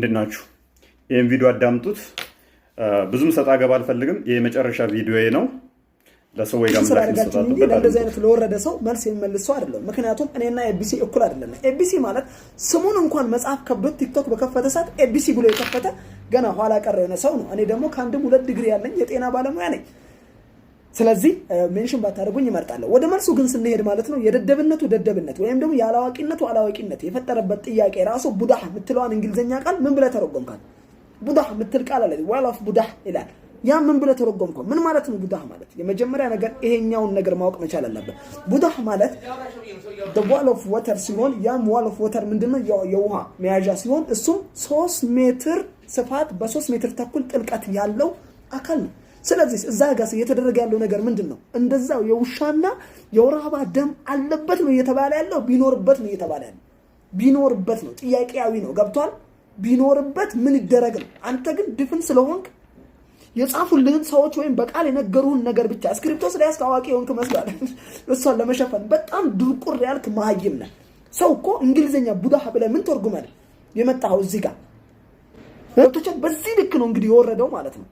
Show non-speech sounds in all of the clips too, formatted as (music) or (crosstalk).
እንድናችሁ ይህም ቪዲዮ አዳምጡት። ብዙም ሰጣ ገባ አልፈልግም። የመጨረሻ ቪዲዮ ነው። ለሰው አይነት ለወረደ ሰው መልስ የሚመልስ ሰው አይደለም። ምክንያቱም እኔና ኤቢሲ እኩል አይደለም። ኤቢሲ ማለት ስሙን እንኳን መጽሐፍ ከብዶት ቲክቶክ በከፈተ ሰዓት ኤቢሲ ብሎ የከፈተ ገና ኋላ ቀረ የሆነ ሰው ነው። እኔ ደግሞ ከአንድም ሁለት ዲግሪ ያለኝ የጤና ባለሙያ ነኝ። ስለዚህ ሜንሽን ባታደርጉኝ ይመርጣለሁ። ወደ መልሱ ግን ስንሄድ ማለት ነው የደደብነቱ ደደብነት ወይም ደግሞ የአላዋቂነቱ አላዋቂነት የፈጠረበት ጥያቄ ራሱ ቡዳህ የምትለዋን እንግሊዝኛ ቃል ምን ብለህ ተረጎምካል? ቡዳህ የምትል ቃል አለ ዋላፍ ቡዳህ ይላል። ያ ምን ብለህ ተረጎምከው? ምን ማለት ነው ቡዳህ ማለት? የመጀመሪያ ነገር ይሄኛውን ነገር ማወቅ መቻል አለበት። ቡዳህ ማለት ዋል ኦፍ ወተር ሲሆን ያም ዋል ኦፍ ወተር ምንድነው የውሃ መያዣ ሲሆን እሱም ሶስት ሜትር ስፋት በሶስት ሜትር ተኩል ጥልቀት ያለው አካል ነው። ስለዚህ እዛ ጋር እየተደረገ ያለው ነገር ምንድን ነው? እንደዛው የውሻና የወራባ ደም አለበት ነው እየተባለ ያለው። ቢኖርበት ነው እየተባለ ያለው። ቢኖርበት ነው ጥያቄያዊ ነው። ገብቷል? ቢኖርበት ምን ይደረግ ነው። አንተ ግን ድፍን ስለሆንክ የጻፉልህን ሰዎች ወይም በቃል የነገሩህን ነገር ብቻ እስክሪፕቶ ስለያዝክ አዋቂ የሆንክ መስሏል። (laughs) እሷን ለመሸፈን በጣም ድርቁር ያልክ መሀይም ነህ። ሰው እኮ እንግሊዝኛ ቡዳህ ብለህ ምን ተርጉመህ የመጣኸው እዚህ ጋር ወቶቻ በዚህ ልክ ነው እንግዲህ የወረደው ማለት ነው።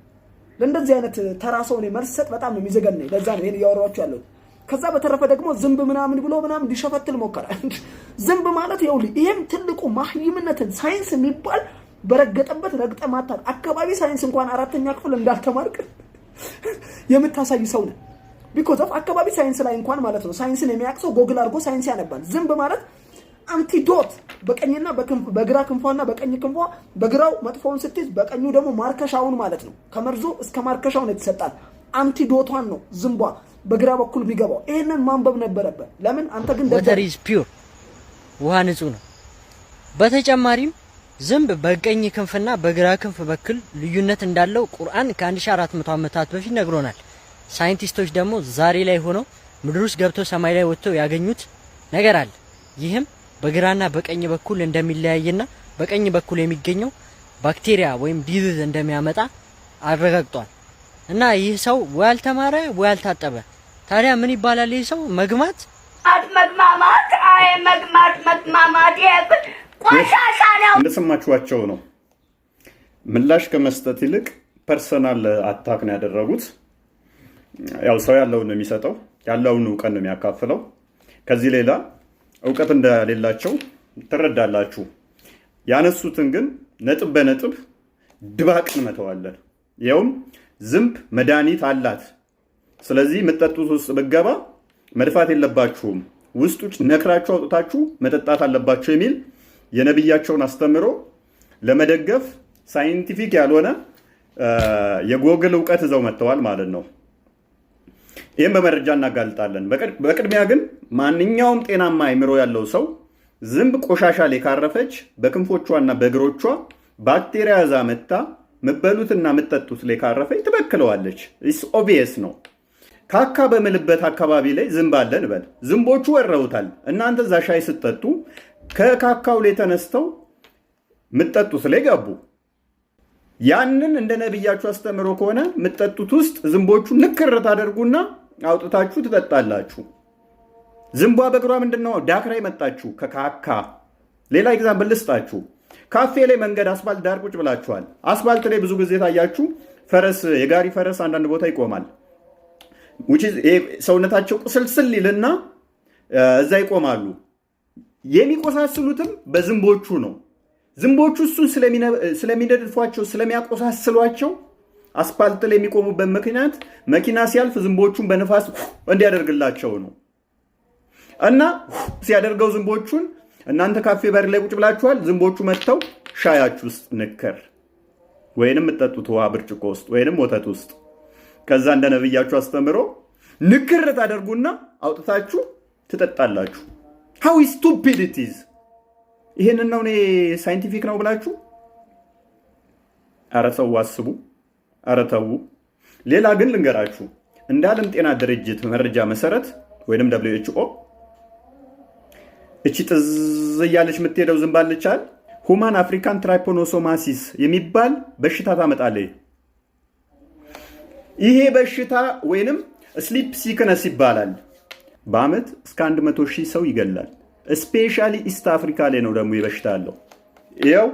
ለእንደዚህ አይነት ተራ ሰው እኔ መልስ በጣም ነው የሚዘገነኝ። ለዛ ነው ይሄን እያወራኋችሁ ያለሁት። ከዛ በተረፈ ደግሞ ዝንብ ምናምን ብሎ ምናምን ሊሸፈትል ሞከረ። (laughs) ዝንብ ማለት ይኸውልህ፣ ይሄም ትልቁ ማህይምነትን ሳይንስ የሚባል በረገጠበት ረግጠ ማታል አካባቢ ሳይንስ እንኳን አራተኛ ክፍል እንዳልተማርክ (laughs) የምታሳይ ሰው ነ ቢኮዝ አካባቢ ሳይንስ ላይ እንኳን ማለት ነው ሳይንስን የሚያቅሰው ጎግል አድርጎ ሳይንስ ያነባል። ዝንብ ማለት አንቲዶት በቀኝና በክንፍ በግራ ክንፏና በቀኝ ክንፏ በግራው መጥፎውን ስትይዝ በቀኙ ደግሞ ማርከሻውን ማለት ነው። ከመርዞ እስከ ማርከሻውን የተሰጣል። አንቲዶቷን ነው ዝንቧ በግራ በኩል የሚገባው። ይህንን ማንበብ ነበረበት። ለምን አንተ ግን ወተር ኢዝ ፒውር፣ ውሃ ንጹህ ነው። በተጨማሪም ዝንብ በቀኝ ክንፍና በግራ ክንፍ በኩል ልዩነት እንዳለው ቁርአን ከ1400 ዓመታት በፊት ነግሮናል። ሳይንቲስቶች ደግሞ ዛሬ ላይ ሆነው ምድር ውስጥ ገብተው ሰማይ ላይ ወጥተው ያገኙት ነገር አለ። ይህም በግራና በቀኝ በኩል እንደሚለያይና በቀኝ በኩል የሚገኘው ባክቴሪያ ወይም ዲዚዝ እንደሚያመጣ አረጋግጧል። እና ይህ ሰው ወይ አልተማረ ወይ አልታጠበ። ታዲያ ምን ይባላል? ይህ ሰው መግማት መግማማት አይ መግማት መግማማት ቆሻሻ ነው። እንደሰማችኋቸው ነው። ምላሽ ከመስጠት ይልቅ ፐርሰናል አታክ ነው ያደረጉት። ያው ሰው ያለውን ነው የሚሰጠው፣ ያለውን እውቀት ነው የሚያካፍለው። ከዚህ ሌላ እውቀት እንደሌላቸው ትረዳላችሁ። ያነሱትን ግን ነጥብ በነጥብ ድባቅ እንመተዋለን። ይኸውም ዝንብ መድኃኒት አላት። ስለዚህ የምትጠጡት ውስጥ ብገባ መድፋት የለባችሁም፣ ውስጡ ነክራችሁ አውጥታችሁ መጠጣት አለባችሁ የሚል የነቢያቸውን አስተምሮ ለመደገፍ ሳይንቲፊክ ያልሆነ የጎግል እውቀት ይዘው መጥተዋል ማለት ነው። ይህም በመረጃ እናጋልጣለን። በቅድሚያ ግን ማንኛውም ጤናማ አይምሮ ያለው ሰው ዝንብ ቆሻሻ ላይ ካረፈች በክንፎቿና በእግሮቿ ባክቴሪያ ዛ መታ ምበሉትና ምጠጡት ላይ ካረፈች ትበክለዋለች። ኢስ ኦቪየስ ነው። ካካ በምልበት አካባቢ ላይ ዝንብ አለ እንበል። ዝንቦቹ ወረውታል። እናንተ እዛ ሻይ ስትጠጡ ከካካው ላይ ተነስተው ምጠጡት ላይ ገቡ። ያንን እንደ ነቢያችሁ አስተምሮ ከሆነ ምጠጡት ውስጥ ዝንቦቹ ንክር ታደርጉና አውጥታችሁ ትጠጣላችሁ። ዝንቧ በእግሯ ምንድን ነው ዳክራ የመጣችሁ ከካካ ሌላ ኤግዛምፕል ልስጣችሁ። ካፌ ላይ መንገድ አስፋልት ዳር ቁጭ ብላችኋል። አስፋልት ላይ ብዙ ጊዜ ታያችሁ ፈረስ የጋሪ ፈረስ አንዳንድ ቦታ ይቆማል። ሰውነታቸው ቁስልስል ይልና እዛ ይቆማሉ። የሚቆሳስሉትም በዝንቦቹ ነው። ዝንቦቹ እሱን ስለሚነድፏቸው ስለሚያቆሳስሏቸው አስፋልት ላይ የሚቆሙበት ምክንያት መኪና ሲያልፍ ዝንቦቹን በንፋስ እንዲያደርግላቸው ነው። እና ሲያደርገው ዝንቦቹን እናንተ ካፌ በር ላይ ቁጭ ብላችኋል። ዝንቦቹ መጥተው ሻያች ውስጥ ንክር ወይንም የምጠጡት ውሃ ብርጭቆ ውስጥ ወይንም ወተት ውስጥ ከዛ እንደ ነብያችሁ አስተምሮ ንክር ታደርጉና አውጥታችሁ ትጠጣላችሁ። ሀው ስቱፒዲቲዝ ይህንን ነው እኔ ሳይንቲፊክ ነው ብላችሁ አረ አስቡ፣ አረ ሌላ ግን ልንገራችሁ እንደ ዓለም ጤና ድርጅት መረጃ መሰረት ወይንም ደብሊው ኤች ኦ እቺ ጥዝ እያለች የምትሄደው ዝንባልቻል ሁማን አፍሪካን ትራይፖኖሶማሲስ የሚባል በሽታ ታመጣለች። ይሄ በሽታ ወይንም ስሊፕ ሲክነስ ይባላል። በአመት እስከ 100 ሺህ ሰው ይገላል። ስፔሻሊ ኢስት አፍሪካ ላይ ነው ደግሞ የበሽታ ያለው። ይኸው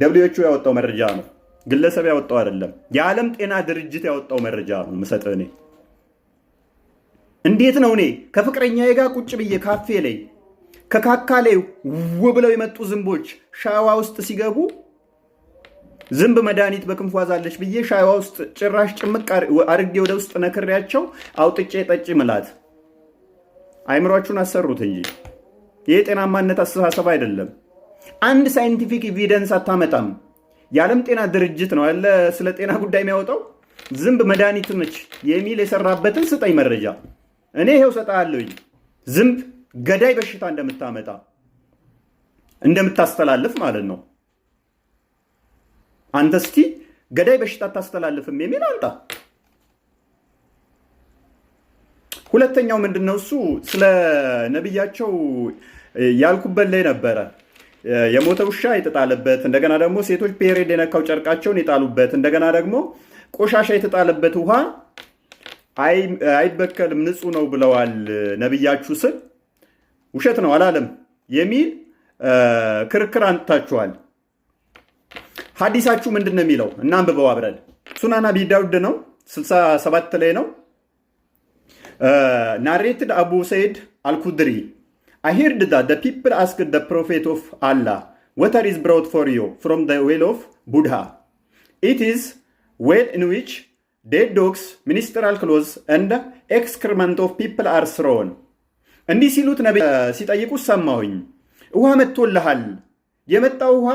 ደብሊዎቹ ያወጣው መረጃ ነው፣ ግለሰብ ያወጣው አይደለም። የዓለም ጤና ድርጅት ያወጣው መረጃ ነው። ምሰጥ እኔ እንዴት ነው እኔ ከፍቅረኛዬ ጋር ቁጭ ብዬ ካፌ ላይ ከካካ ላይ ው ብለው የመጡ ዝንቦች ሻዋ ውስጥ ሲገቡ ዝንብ መድኃኒት በክንፏ ዛለች ብዬ ሻዋ ውስጥ ጭራሽ ጭምቅ አድርጌ ወደ ውስጥ ነክሬያቸው አውጥጬ ጠጭ ምላት። አይምሯችሁን አሰሩት እንጂ ይህ ጤናማነት አስተሳሰብ አይደለም። አንድ ሳይንቲፊክ ኤቪደንስ አታመጣም። የዓለም ጤና ድርጅት ነው ያለ ስለ ጤና ጉዳይ የሚያወጣው። ዝንብ መድኃኒት ነች የሚል የሰራበትን ስጠኝ መረጃ እኔ ይሄው ሰጣለሁኝ ዝንብ ገዳይ በሽታ እንደምታመጣ እንደምታስተላልፍ ማለት ነው። አንተ እስቲ ገዳይ በሽታ አታስተላልፍም የሚል አምጣ። ሁለተኛው ምንድን ነው? እሱ ስለ ነቢያቸው ያልኩበት ላይ ነበረ። የሞተ ውሻ የተጣለበት፣ እንደገና ደግሞ ሴቶች ፔሬድ የነካው ጨርቃቸውን የጣሉበት፣ እንደገና ደግሞ ቆሻሻ የተጣለበት ውሃ አይበከልም፣ ንጹህ ነው ብለዋል ነቢያችሁ ስል ውሸት ነው አላለም የሚል ክርክር አንጥታችኋል። ሀዲሳችሁ ምንድን ነው የሚለው? እና አንብበው አብረን ሱናና ቢዳውድ ነው 67 ላይ ነው ናሬትድ አቡ ሰይድ አልኩድሪ አይሄርድ ዳ ፒፕል አስክ ፕሮፌት ኦፍ አላ ወተር ኢዝ ብራውት ፎር ዩ ፍሮም ዌል ኦፍ ቡድሃ ኢት ኢዝ ዌል ኢን ዊች ዴድ ዶግስ ሚኒስትራል ክሎዝ እንደ ኤክስክሪመንት ኦፍ ፒፕል አር ስሮን። እንዲህ ሲሉት ነቢ ሲጠይቁት ሰማሁኝ። ውሃ መጥቶልሃል። የመጣው ውሃ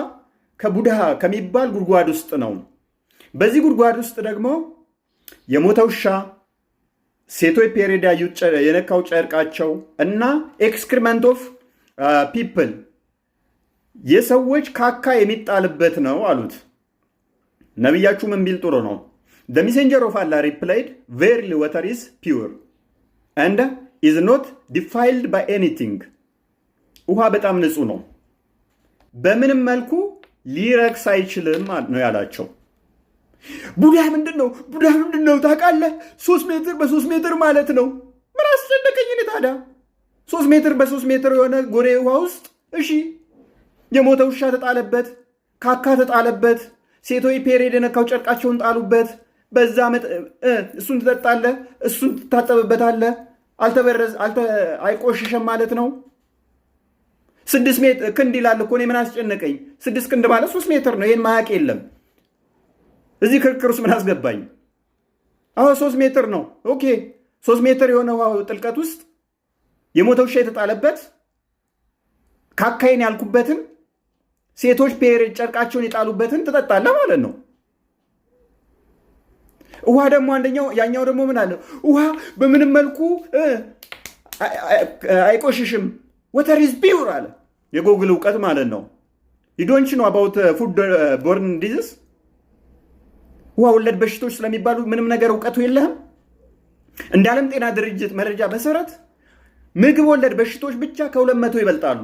ከቡድሃ ከሚባል ጉድጓድ ውስጥ ነው። በዚህ ጉድጓድ ውስጥ ደግሞ የሞተ ውሻ፣ ሴቶች ፔሬዳ የነካው ጨርቃቸው እና ኤክስክሪመንት ኦፍ ፒፕል የሰዎች ካካ የሚጣልበት ነው አሉት። ነቢያችሁ ምን ቢል ጥሩ ነው? ዘ ሜሴንጀር ኦፍ አላ ሪፕላይድ ቬሪሊ ወተር ኢዝ ፒውር አንድ ኢዝ ኖት ዲፋይልድ ባይ ኤኒቲንግ ውሃ በጣም ንጹህ ነው፣ በምንም መልኩ ሊረክስ አይችልም ነው ያላቸው። ቡዳ ምንድን ነው? ቡዳ ምንድን ነው ታውቃለህ? ሶስት ሜትር በሶስት ሜትር ማለት ነው። ምን አስጨነቀኝ እኔ ታዲያ ሶስት ሜትር በሶስት ሜትር የሆነ ጎሬ ውሃ ውስጥ እሺ፣ የሞተ ውሻ ተጣለበት፣ ካካ ተጣለበት፣ ሴቶች ፔሬድ የነካው ጨርቃቸውን ጣሉበት፣ በዛ እሱን ትጠጣለህ፣ እሱን ትታጠብበታለህ። አልተበረዝ አይቆሽሽም ማለት ነው። ስድስት ሜትር ክንድ ይላል እኮ እኔ ምን አስጨነቀኝ? ስድስት ክንድ ማለት ሶስት ሜትር ነው። ይሄን ማያቅ የለም። እዚህ ክርክር ውስጥ ምን አስገባኝ? አሁን ሶስት ሜትር ነው። ኦኬ ሶስት ሜትር የሆነ ጥልቀት ውስጥ የሞተ ውሻ የተጣለበት ካካይን ያልኩበትን ሴቶች ብሔር ጨርቃቸውን የጣሉበትን ትጠጣለህ ማለት ነው። ውሃ ደግሞ አንደኛው ያኛው ደግሞ ምን አለ? ውሃ በምንም መልኩ አይቆሽሽም። ወተር ኢዝ ፒውር አለ። የጎግል እውቀት ማለት ነው። ዩዶንች ነው አባውት ፉድ ቦርን ዲዝስ ውሃ ወለድ በሽቶች ስለሚባሉ ምንም ነገር እውቀቱ የለህም። እንደ ዓለም ጤና ድርጅት መረጃ መሰረት ምግብ ወለድ በሽቶች ብቻ ከሁለት መቶ ይበልጣሉ።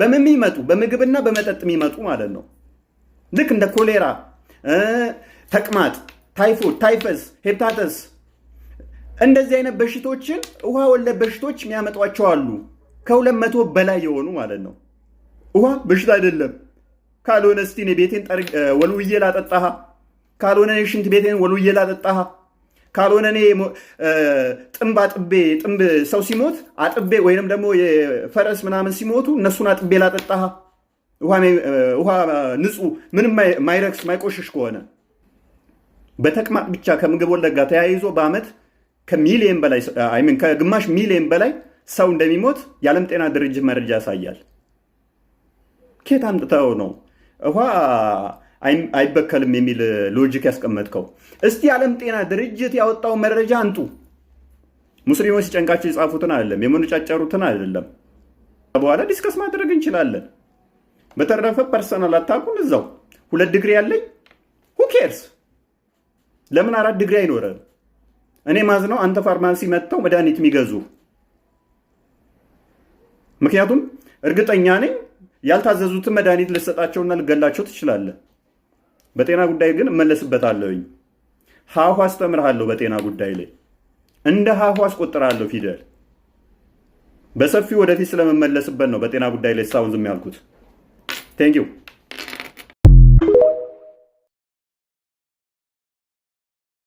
በምን የሚመጡ በምግብና በመጠጥ የሚመጡ ማለት ነው። ልክ እንደ ኮሌራ፣ ተቅማጥ ታይፎይድ፣ ታይፈስ፣ ሄፕታተስ እንደዚህ አይነት በሽቶችን ውሃ ወለድ በሽቶች የሚያመጧቸው አሉ። ከሁለት መቶ በላይ የሆኑ ማለት ነው። ውሃ በሽታ አይደለም ካልሆነ እስቲ እኔ ቤቴን ወልውዬ ላጠጣሃ፣ ካልሆነ እኔ ሽንት ቤቴን ወልውዬ ላጠጣሃ፣ ካልሆነ እኔ ጥምብ አጥቤ ጥንብ ሰው ሲሞት አጥቤ ወይንም ደግሞ የፈረስ ምናምን ሲሞቱ እነሱን አጥቤ ላጠጣሃ ውሃ ንጹህ ምንም ማይረክስ ማይቆሽሽ ከሆነ በተቅማጥ ብቻ ከምግብ ወለድ ጋር ተያይዞ በዓመት ከሚሊየን በላይ ከግማሽ ሚሊየን በላይ ሰው እንደሚሞት የዓለም ጤና ድርጅት መረጃ ያሳያል። ኬት አምጥተው ነው ውሃ አይበከልም የሚል ሎጂክ ያስቀመጥከው? እስቲ የዓለም ጤና ድርጅት ያወጣው መረጃ አንጡ። ሙስሊሞች ሲጨንቃቸው የጻፉትን አይደለም፣ የመነጫጨሩትን አይደለም። በኋላ ዲስከስ ማድረግ እንችላለን። በተረፈ ፐርሰናል አታውቁን እዛው ሁለት ዲግሪ ያለኝ ሁኬርስ ለምን አራት ዲግሪ አይኖረን? እኔ ማዝ ነው አንተ ፋርማሲ መጥተው መድኃኒት የሚገዙ ምክንያቱም እርግጠኛ ነኝ ያልታዘዙትን መድኃኒት ልሰጣቸውና ልገላቸው ትችላለህ። በጤና ጉዳይ ግን እመለስበታለሁኝ። ሀሁ አስተምርሃለሁ። በጤና ጉዳይ ላይ እንደ ሀሁ አስቆጥራለሁ ፊደል በሰፊው ወደፊት ስለመመለስበት ነው። በጤና ጉዳይ ላይ እስካሁን ዝም ያልኩት። ቴንኪው